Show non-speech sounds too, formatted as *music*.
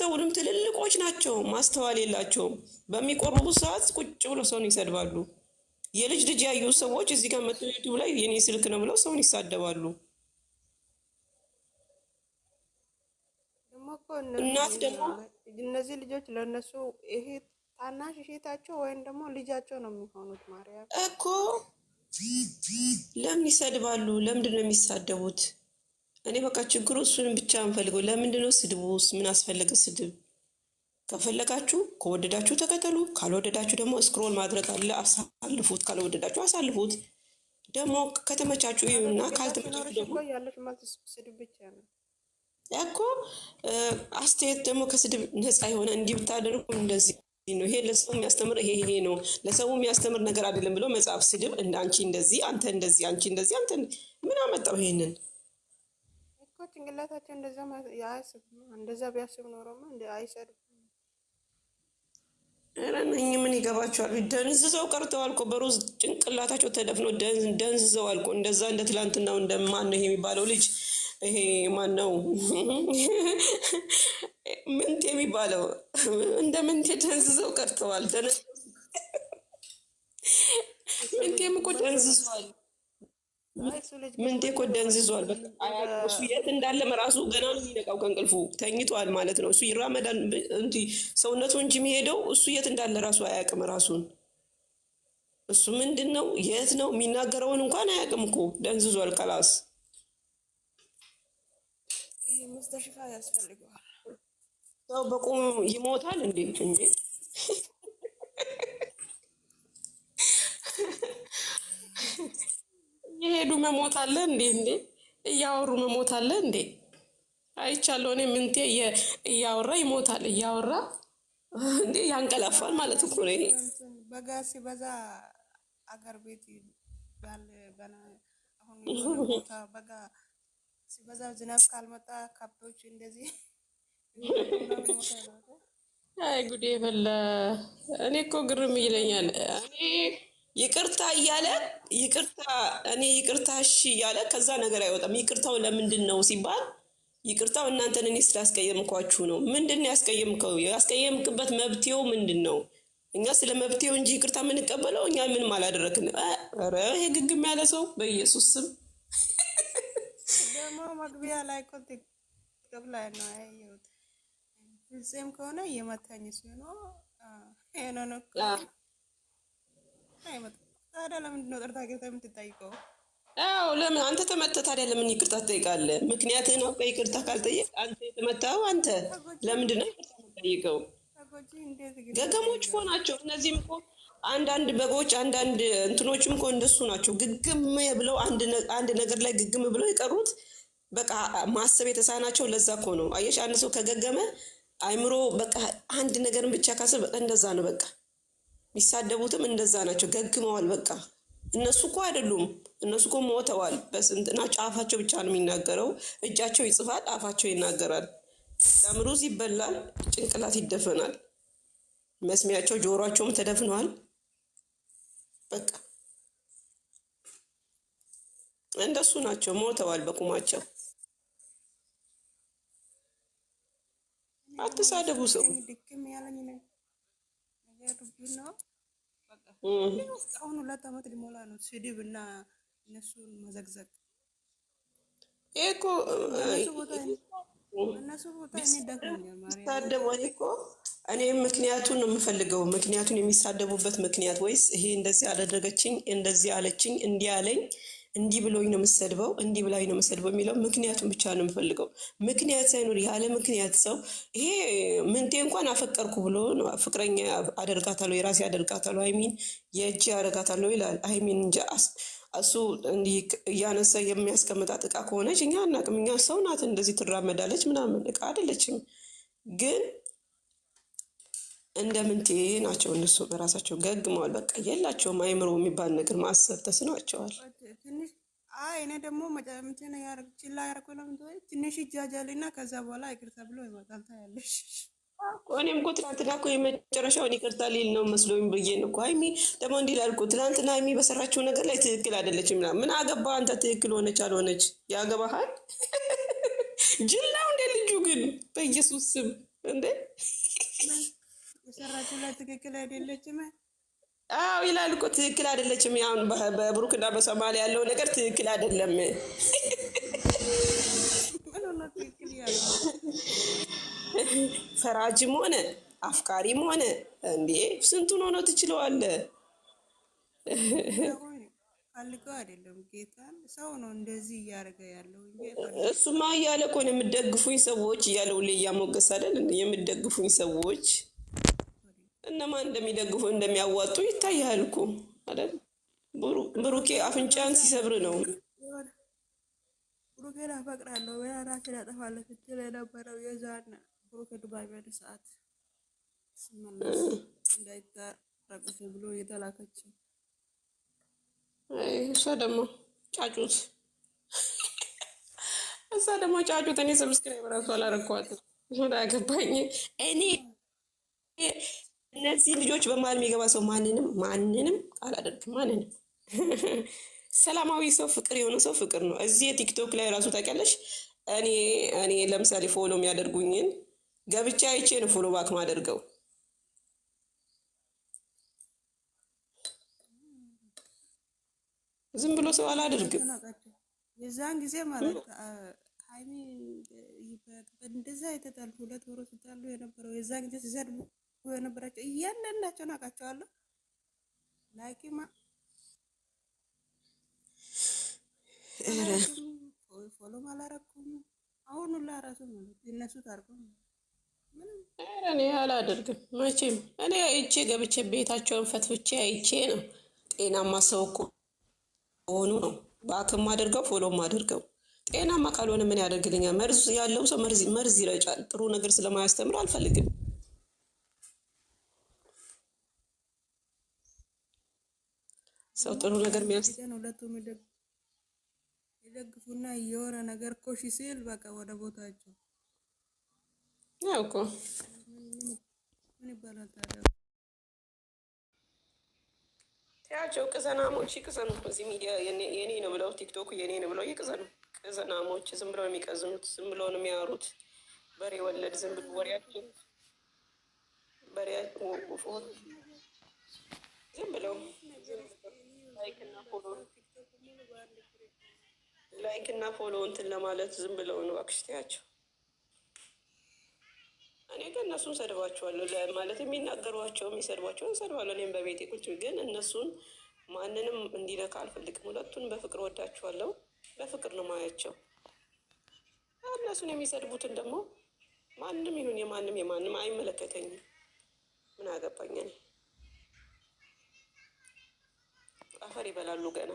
አያስተውሉም። ትልልቆች ናቸው፣ ማስተዋል የላቸውም። በሚቆርቡ ሰዓት ቁጭ ብለው ሰውን ይሰድባሉ። የልጅ ልጅ ያዩ ሰዎች እዚህ ጋር መጥተው ዩቱብ ላይ የኔ ስልክ ነው ብለው ሰውን ይሳደባሉ። እናት ደግሞ እነዚህ ልጆች ለእነሱ ይሄ ታናሽ እህታቸው ወይም ደግሞ ልጃቸው ነው የሚሆኑት። ማርያም እኮ ለምን ይሰድባሉ? ለምንድን ነው የሚሳደቡት? እኔ በቃ ችግሩ እሱንም ብቻ እንፈልገው። ለምንድነው ስድቡስ? ምን አስፈለገ ስድብ? ከፈለጋችሁ ከወደዳችሁ ተከተሉ፣ ካልወደዳችሁ ደግሞ ስክሮል ማድረግ አለ። አሳልፉት፣ ካልወደዳችሁ አሳልፉት። ደግሞ ከተመቻችሁ ይሁንና ካልተመቻችሁ ደግሞ እኮ አስተያየት ደግሞ ከስድብ ነፃ የሆነ እንዲህ ብታደርጉ እንደዚህ ነው፣ ይሄ ለሰው የሚያስተምር ይሄ ይሄ ነው፣ ለሰው የሚያስተምር ነገር አይደለም ብሎ መጽሐፍ ስድብ፣ አንቺ እንደዚህ አንተ እንደዚህ አንቺ እንደዚህ አንተ ምን አመጣው ይሄንን ጭንቅላታቸው እንደዛ አያስብም። እንደዛ ቢያስብ ኖሮማ እንደ አይሰድም። ኧረ ምን ይገባቸዋል? ደንዝዘው ቀርተዋል እኮ በሩዝ ጭንቅላታቸው ተደፍኖ ደንዝዘዋል እኮ እንደዛ እንደ ትላንትናው ማን ነው የሚባለው ልጅ ይሄ ነው *laughs* ምንቴ የሚባለው እንደ ምንቴ ደንዝዘው ቀርተዋል። ምንቴም እኮ ደንዝዘዋል። ምንጤ እኮ ደንዝዟል። እሱ የት እንዳለም ራሱ ገና ነው የሚነቃው ከእንቅልፉ ተኝቷል ማለት ነው። እሱ ይራመዳል እንጂ ሰውነቱ እንጂ የሚሄደው እሱ የት እንዳለ ራሱ አያውቅም። ራሱን እሱ ምንድን ነው የት ነው የሚናገረውን እንኳን አያውቅም እኮ ደንዝዟል። ከላስ ሰው በቁም ይሞታል እንዴ እንዴ መሞት አለ እንዴ? እንዴ እያወሩ መሞት አለ እንዴ? አይቻለሁ። እኔ ምንቴ እያወራ ይሞታል። እያወራ እንዴ ያንቀላፋል ማለት እኮ ነው። በጋ ሲበዛ አገር ቤት ቦታ በጋ ሲበዛ ዝናብ ካልመጣ ከብቶች እንደዚህ አይ ጉዴ በላ። እኔ እኮ ግርም ይለኛል እኔ ይቅርታ እያለ ይቅርታ እኔ ይቅርታ እሺ እያለ ከዛ ነገር አይወጣም። ይቅርታው ለምንድን ነው ሲባል ይቅርታው እናንተን እኔ ስላስቀየምኳችሁ ነው። ምንድን ነው ያስቀየምከው? ያስቀየምክበት መብቴው ምንድን ነው? እኛ ስለ መብቴው እንጂ ይቅርታ የምንቀበለው እኛ ምንም አላደረግን። ኧረ ይሄ ግግም ያለ ሰው በኢየሱስ ስም ደግሞ መግቢያ ላይ እኮ ጥቅም ላይ ነው ያየሁት። ፍጹም ከሆነ እየመታኝ ሲሆን ሄኖ ነው ታዲያ ለምንድን ነው ጥርታ ገብታ የምትጠይቀው? አዎ ለምን አንተ ተመተህ ታዲያ ለምን ይቅርታ ትጠይቃለህ? ነው አውቀህ ይቅርታ ካልጠየቅ አንተ የተመታኸው አንተ ለምንድን ነው ይቅርታ የምትጠይቀው? ገገሞች እኮ ናቸው እነዚህም እኮ አንዳንድ በጎች አንዳንድ እንትኖችም እኮ እንደሱ ናቸው። ግግም ብለው አንድ ነገር ላይ ግግም ብለው የቀሩት በቃ ማሰብ የተሳናቸው ለዛ እኮ ነው። አየሽ አንድ ሰው ከገገመ አይምሮ በቃ አንድ ነገርን ብቻ ካሰብ በቃ እንደዛ ነው በቃ የሚሳደቡትም እንደዛ ናቸው። ገግመዋል። በቃ እነሱ እኮ አይደሉም። እነሱ እኮ ሞተዋል። በስንትና አፋቸው ብቻ ነው የሚናገረው። እጃቸው ይጽፋል፣ አፋቸው ይናገራል። ለምሩዝ ይበላል፣ ጭንቅላት ይደፈናል። መስሚያቸው ጆሯቸውም ተደፍነዋል። በቃ እንደሱ ናቸው። ሞተዋል በቁማቸው። አትሳደቡ ሰው የልቡና በቃ አሁን ሁለት አመት ሊሞላ ነው። ስድብ እና እነሱን መዘግዘግ እኮ እነሱ እኮ እኔ ምክንያቱን ነው የምፈልገው። ምክንያቱን የሚሳደቡበት ምክንያት ወይስ ይሄ እንደዚህ አደረገችኝ እንደዚህ አለችኝ እንዲህ አለኝ እንዲህ ብሎኝ ነው የምሰድበው፣ እንዲህ ብላኝ ነው የምሰድበው የሚለው ምክንያቱን ብቻ ነው የምፈልገው። ምክንያት ሳይኖር ያለ ምክንያት ሰው ይሄ ምንቴ እንኳን አፈቀርኩ ብሎ ፍቅረኛ አደርጋታለሁ፣ የራሴ አደርጋታለሁ፣ አይሚን የእጅ አደርጋታለሁ ይላል። አይሚን እንጃ እሱ እንዲህ እያነሳ የሚያስቀምጣት እቃ ከሆነች እኛ አናቅም። እኛ ሰው ናት፣ እንደዚህ ትራመዳለች ምናምን እቃ አይደለችም። ግን እንደ ምንቴ ናቸው እነሱ በራሳቸው ገግመዋል። በቃ የላቸውም አይምሮ የሚባል ነገር ማሰብ ተስኗቸዋል። አይ እኔ ደግሞ መጨረምቼ ነው ያረግችላ ያረኩ ነው ትንሽ ይጃጃልና ከዛ በኋላ ይቅርታ ብሎ ይመጣል። ታያለሽ። እኔም እኮ ትናንትና እኮ የመጨረሻውን ይቅርታ ሊል ነው መስሎኝ ብዬ ነው እኮ ሀይሚ ደግሞ እንዲህ ላልኩ። ትናንትና ሀይሚ በሰራችው ነገር ላይ ትክክል አይደለች ምናምን። ምን አገባ አንተ ትክክል ሆነች አልሆነች ያገባሃል? ጅላው እንደ ልጁ ግን በኢየሱስ ስም እንዴ በሰራችው ላይ ትክክል አይደለችም። አዎ ይላል እኮ ትክክል አይደለችም። ያሁን በብሩክና በሶማሌ ያለው ነገር ትክክል አይደለም። ፈራጅም ሆነ አፍቃሪም ሆነ እንዴ ስንቱን ሆኖ ትችለዋለ። ፈልገው አይደለም ጌታን ሰው ነው እንደዚህ እያደረገ ያለው። እሱማ እያለ እኮ ነው የምትደግፉኝ ሰዎች እያለ ሁሌ እያሞገስ አይደል የምደግፉኝ ሰዎች እነማን እንደሚደግፉ እንደሚያዋጡ ይታያል እኮ አይደል? ብሩኬ አፍንጫን ሲሰብር ነው። ብሩኬን አፈቅራለሁ ራሴን አጠፋለሁ ስትል የነበረው የዛን ብሩኬ ዱባይ በሄደ ሰዓት እንዳይታረቁት ብሎ እየተላከች እሷ ደግሞ ጫጩት እሷ ደግሞ ጫጩት። እኔ ሰብስክራይብ ራሱ አላረኳትም። ወደ አገባኝ እኔ እነዚህ ልጆች በመሀል የሚገባ ሰው ማንንም ማንንም አላደርግም። ማንንም *laughs* ሰላማዊ ሰው ፍቅር የሆነ ሰው ፍቅር ነው። እዚህ የቲክቶክ ላይ ራሱ ታውቂያለሽ። እኔ እኔ ለምሳሌ ፎሎ የሚያደርጉኝን ገብቻ አይቼ ነው ፎሎ ባክ ማደርገው። ዝም ብሎ ሰው አላደርግም። የዛን ጊዜ ማለት ሀይሚ እንደዛ የተጣሉ ሁለት ወሮ ሲጣሉ የነበረው የዛን ጊዜ ሲዘድቡ የነበራቸው እያንዳንዳቸውን አውቃቸዋለሁ። ላኪማ ፎሎ አላረኩም። አሁን ሁላ ራሱ እነሱ ታርጎ እኔ አላደርግም መቼም። እኔ አይቼ ገብቼ ቤታቸውን ፈትፍቼ አይቼ ነው። ጤናማ ሰው እኮ ሆኑ ነው በአክም አድርገው ፎሎም አድርገው ጤናማ ካልሆነ ምን ያደርግልኛል? መርዝ ያለው ሰው መርዝ ይረጫል። ጥሩ ነገር ስለማያስተምር አልፈልግም። ሰው ጥሩ ነገር የሚያስ ሁለቱም ይደግፉና የሆነ ነገር ኮሽ ሲል በቃ ወደ ቦታቸው ያው እኮ ምን ይባላል ታዲያ? ያቸው ቅዘናሞች ይቅዘኑ። ሚዲያ የኔ ነው ብለው ቲክቶክ የኔ ነው ብለው ይቅዘኑ። ቅዘናሞች ዝም ብለው የሚቀዝኑት ዝም ብለው የሚያወሩት። በሬ ወለድ ዝም ብሎ ወሬያቸው በሬ ዝም ብለው ላይክ እና ፎሎ እንትን ለማለት ዝም ብለው ነው አክሽቲያቸው። እኔ ግን እነሱን ሰድባቸዋለሁ ማለት የሚናገሯቸው የሚሰድቧቸውን ሰድባለሁ። እኔም በቤቴ ቁጭ ግን እነሱን ማንንም እንዲነካ አልፈልግም። ሁለቱን በፍቅር ወዳቸዋለሁ። በፍቅር ነው ማያቸው። እነሱን የሚሰድቡትን ደግሞ ማንም ይሁን የማንም የማንም አይመለከተኝም። ምን አገባኝ እኔ አፈር ይበላሉ ገና